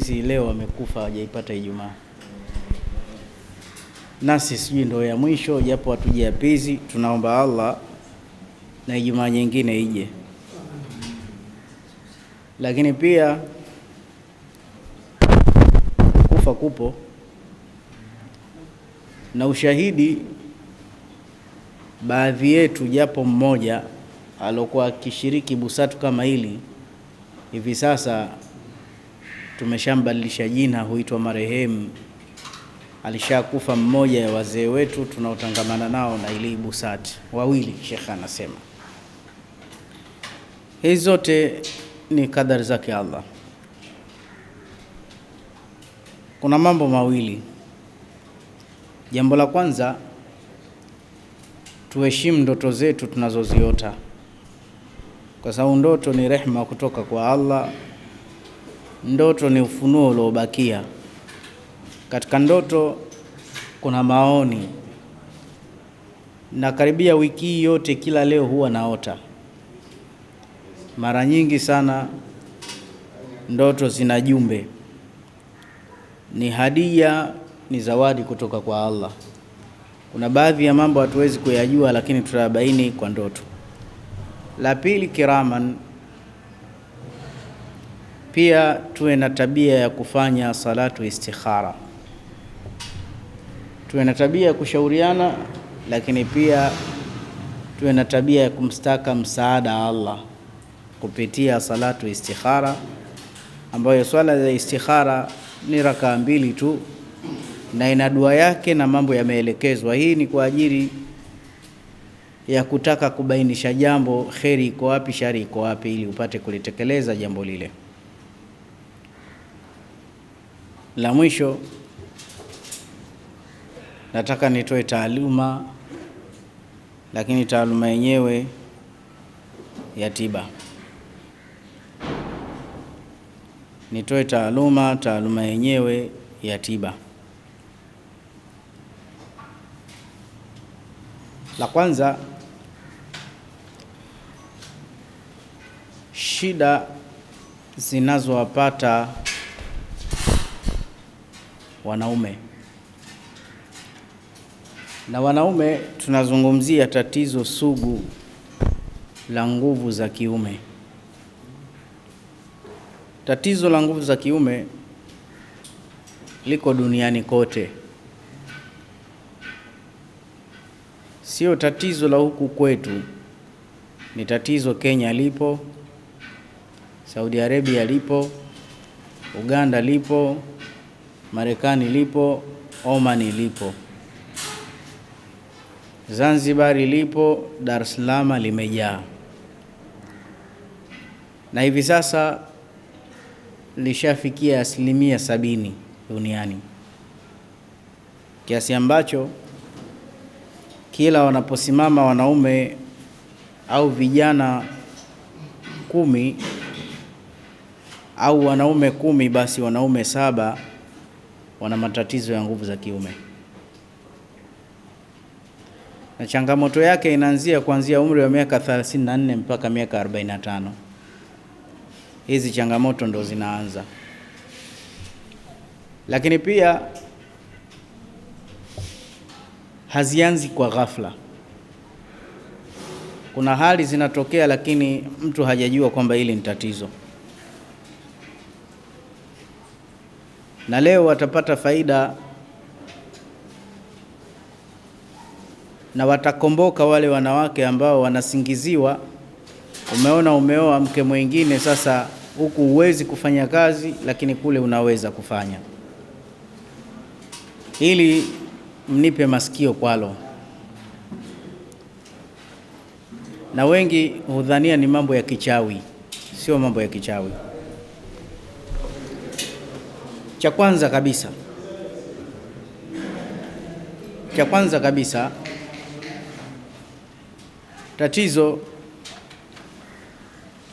Sisi leo wamekufa hawajaipata Ijumaa, nasi sijui ndio ya mwisho, japo hatujiapizi. Tunaomba Allah na Ijumaa nyingine ije, lakini pia kufa kupo na ushahidi. Baadhi yetu japo mmoja alokuwa akishiriki busatu kama hili hivi sasa tumeshambadilisha jina, huitwa marehemu. Alishakufa mmoja ya wazee wetu tunaotangamana nao na ile busati wawili, shekha anasema hizi zote ni kadari zake Allah. Kuna mambo mawili. Jambo la kwanza, tuheshimu ndoto zetu tunazoziota, kwa sababu ndoto ni rehma kutoka kwa Allah Ndoto ni ufunuo uliobakia. Katika ndoto kuna maoni, na karibia wiki hii yote, kila leo huwa naota mara nyingi sana. Ndoto zina jumbe, ni hadia, ni zawadi kutoka kwa Allah. Kuna baadhi ya mambo hatuwezi kuyajua, lakini tutabaini kwa ndoto. La pili, kiraman pia tuwe na tabia ya kufanya salatu istikhara, tuwe na tabia ya kushauriana, lakini pia tuwe na tabia ya kumstaka msaada Allah kupitia salatu istikhara, ambayo swala za istikhara ni rakaa mbili tu na ina dua yake na mambo yameelekezwa. Hii ni kwa ajili ya kutaka kubainisha jambo, kheri iko wapi, shari iko wapi, ili upate kulitekeleza jambo lile. La mwisho nataka nitoe taaluma, lakini taaluma yenyewe ya tiba. Nitoe taaluma, taaluma yenyewe ya tiba. La kwanza, shida zinazowapata wanaume. Na wanaume tunazungumzia tatizo sugu la nguvu za kiume. Tatizo la nguvu za kiume liko duniani kote, sio tatizo la huku kwetu. Ni tatizo Kenya lipo, Saudi Arabia lipo, Uganda lipo Marekani lipo Oman lipo Zanzibar ilipo, Dar es Salaam limejaa, na hivi sasa lishafikia asilimia sabini duniani, kiasi ambacho kila wanaposimama wanaume au vijana kumi au wanaume kumi, basi wanaume saba wana matatizo ya nguvu za kiume, na changamoto yake inaanzia kuanzia umri wa miaka 34 mpaka miaka 45. Hizi changamoto ndo zinaanza, lakini pia hazianzi kwa ghafla. Kuna hali zinatokea, lakini mtu hajajua kwamba hili ni tatizo. na leo watapata faida na watakomboka wale wanawake ambao wanasingiziwa. Umeona, umeoa mke mwingine, sasa huku huwezi kufanya kazi, lakini kule unaweza kufanya. Ili mnipe masikio kwalo, na wengi hudhania ni mambo ya kichawi. Sio mambo ya kichawi. Cha kwanza kabisa, cha kwanza kabisa, tatizo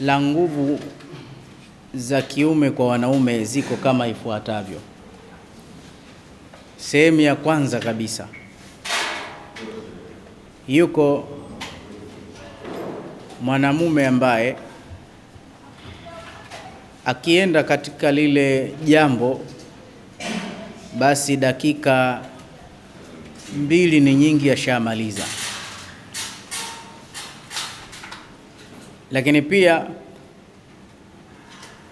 la nguvu za kiume kwa wanaume ziko kama ifuatavyo. Sehemu ya kwanza kabisa, yuko mwanamume ambaye akienda katika lile jambo, basi dakika mbili ni nyingi, ashamaliza. Lakini pia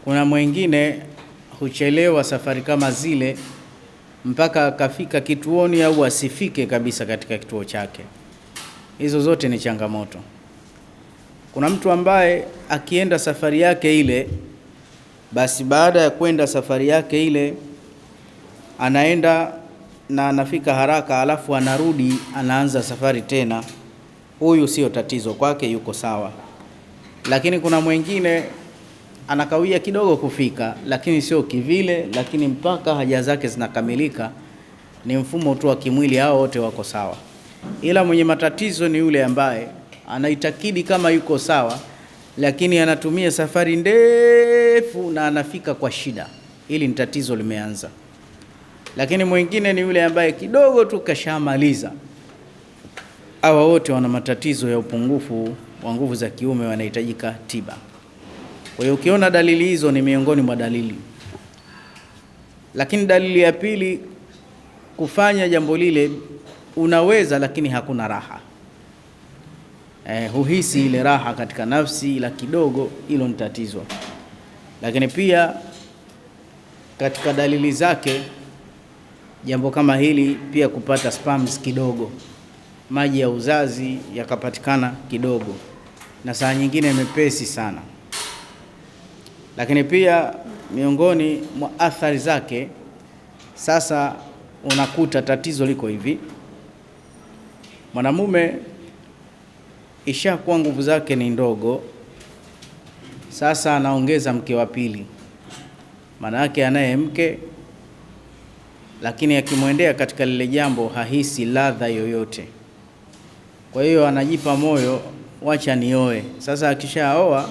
kuna mwingine huchelewa safari kama zile mpaka akafika kituoni au asifike kabisa katika kituo chake. Hizo zote ni changamoto. Kuna mtu ambaye akienda safari yake ile basi baada ya kwenda safari yake ile, anaenda na anafika haraka, alafu anarudi anaanza safari tena, huyu sio tatizo kwake, yuko sawa. Lakini kuna mwingine anakawia kidogo kufika, lakini sio kivile, lakini mpaka haja zake zinakamilika, ni mfumo tu wa kimwili, hao wote wako sawa, ila mwenye matatizo ni yule ambaye anaitakidi kama yuko sawa lakini anatumia safari ndefu na anafika kwa shida. ili ni tatizo limeanza. Lakini mwingine ni yule ambaye kidogo tu kashamaliza. Hawa wote wana matatizo ya upungufu wa nguvu za kiume, wanahitajika tiba. Kwa hiyo ukiona dalili hizo ni miongoni mwa dalili. Lakini dalili ya pili, kufanya jambo lile unaweza, lakini hakuna raha eh, huhisi ile raha katika nafsi, ila kidogo hilo ni tatizo. Lakini pia katika dalili zake jambo kama hili pia kupata spams kidogo, maji ya uzazi yakapatikana kidogo, na saa nyingine mepesi sana. Lakini pia miongoni mwa athari zake, sasa unakuta tatizo liko hivi, mwanamume ishakuwa nguvu zake ni ndogo, sasa anaongeza mke wa pili. Maana yake anaye mke, lakini akimwendea katika lile jambo hahisi ladha yoyote. Kwa hiyo anajipa moyo, wacha nioe. Sasa akishaoa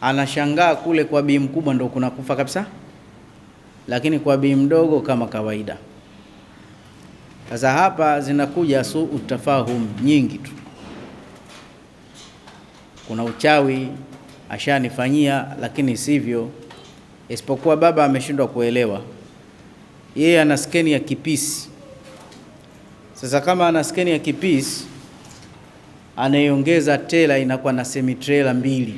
anashangaa kule kwa bii mkubwa ndo kuna kufa kabisa, lakini kwa bii mdogo kama kawaida. Sasa hapa zinakuja su utafahum nyingi tu kuna uchawi ashanifanyia, lakini sivyo. Isipokuwa baba ameshindwa kuelewa, yeye ana skeni ya kipisi. Sasa kama ana skeni ya kipisi, anaiongeza tela, inakuwa na semitrela mbili,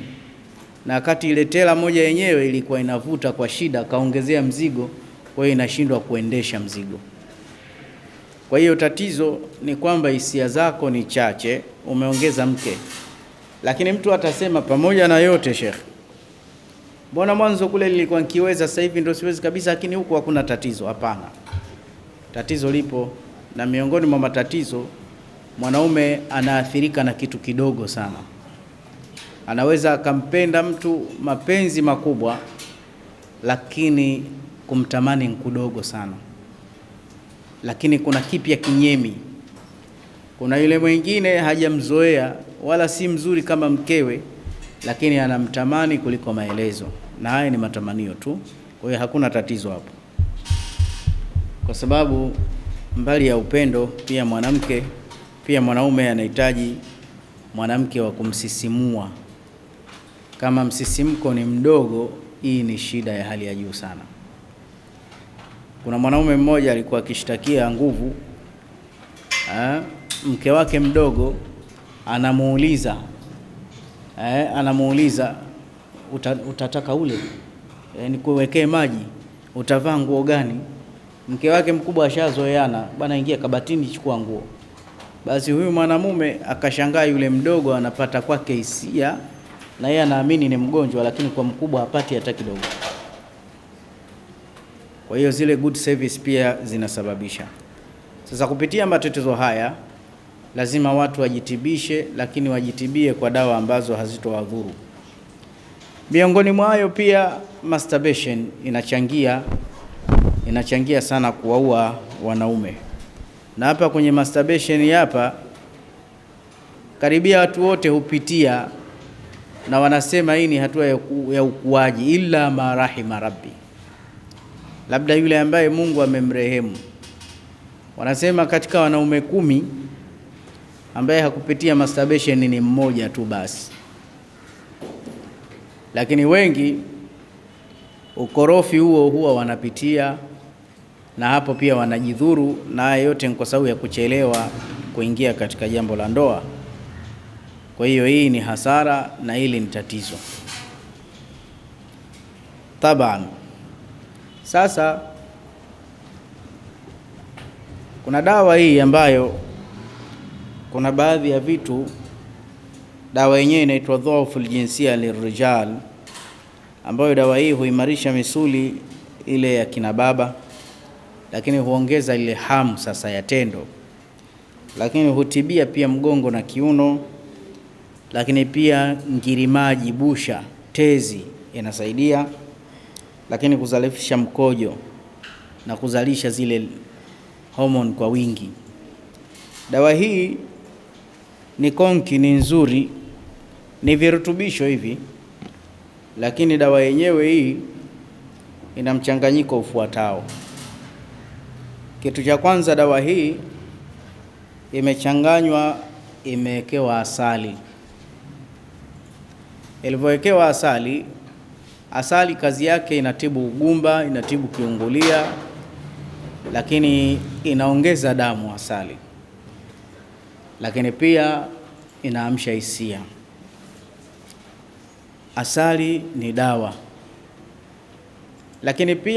na wakati ile tela moja yenyewe ilikuwa inavuta kwa shida, kaongezea mzigo, kwa hiyo inashindwa kuendesha mzigo. Kwa hiyo tatizo ni kwamba hisia zako ni chache, umeongeza mke lakini mtu atasema pamoja na yote Sheikh, mbona mwanzo kule nilikuwa nikiweza, sasa hivi ndio siwezi kabisa, lakini huku hakuna tatizo. Hapana, tatizo lipo, na miongoni mwa matatizo mwanaume anaathirika na kitu kidogo sana. Anaweza akampenda mtu mapenzi makubwa, lakini kumtamani nkudogo sana, lakini kuna kipya kinyemi kuna yule mwingine hajamzoea wala si mzuri kama mkewe, lakini anamtamani kuliko maelezo, na haya ni matamanio tu. Kwa hiyo hakuna tatizo hapo, kwa sababu mbali ya upendo pia mwanamke pia mwanaume anahitaji mwanamke wa kumsisimua. Kama msisimko ni mdogo, hii ni shida ya hali ya juu sana. Kuna mwanaume mmoja alikuwa akishtakia nguvu ha? Ah, mke wake mdogo anamuuliza eh, anamuuliza uta, utataka ule eh, nikuwekee maji, utavaa nguo gani? Mke wake mkubwa ashazoeana bana, ingia kabatini, chukua nguo. Basi huyu mwanamume akashangaa, yule mdogo anapata kwake hisia, na yeye anaamini ni mgonjwa, lakini kwa mkubwa hapati hata kidogo. Kwa hiyo zile good service pia zinasababisha. Sasa kupitia matatizo haya lazima watu wajitibishe, lakini wajitibie kwa dawa ambazo hazitowadhuru. Miongoni mwayo pia masturbation inachangia, inachangia sana kuwaua wanaume. Na hapa kwenye masturbation hapa karibia watu wote hupitia na wanasema hii ni hatua ya ukuaji, illa marahima rabbi, labda yule ambaye Mungu amemrehemu. Wanasema katika wanaume kumi ambaye hakupitia masturbation ni mmoja tu basi, lakini wengi ukorofi huo huwa wanapitia na hapo pia wanajidhuru, na haya yote ni kwa sababu ya kuchelewa kuingia katika jambo la ndoa. Kwa hiyo hii ni hasara na hili ni tatizo taban. Sasa kuna dawa hii ambayo kuna baadhi ya vitu dawa yenyewe inaitwa dhoful jinsia lirijal, ambayo dawa hii huimarisha misuli ile ya kina baba, lakini huongeza ile hamu sasa ya tendo, lakini hutibia pia mgongo na kiuno, lakini pia ngirimaji, busha, tezi inasaidia, lakini kuzalisha mkojo na kuzalisha zile homoni kwa wingi. Dawa hii ni konki, ni nzuri, ni virutubisho hivi, lakini dawa yenyewe hii ina mchanganyiko ufuatao. Kitu cha kwanza, dawa hii imechanganywa, imewekewa asali. Ilivyowekewa asali, asali kazi yake inatibu ugumba, inatibu kiungulia, lakini inaongeza damu asali lakini pia inaamsha hisia. Asali ni dawa, lakini pia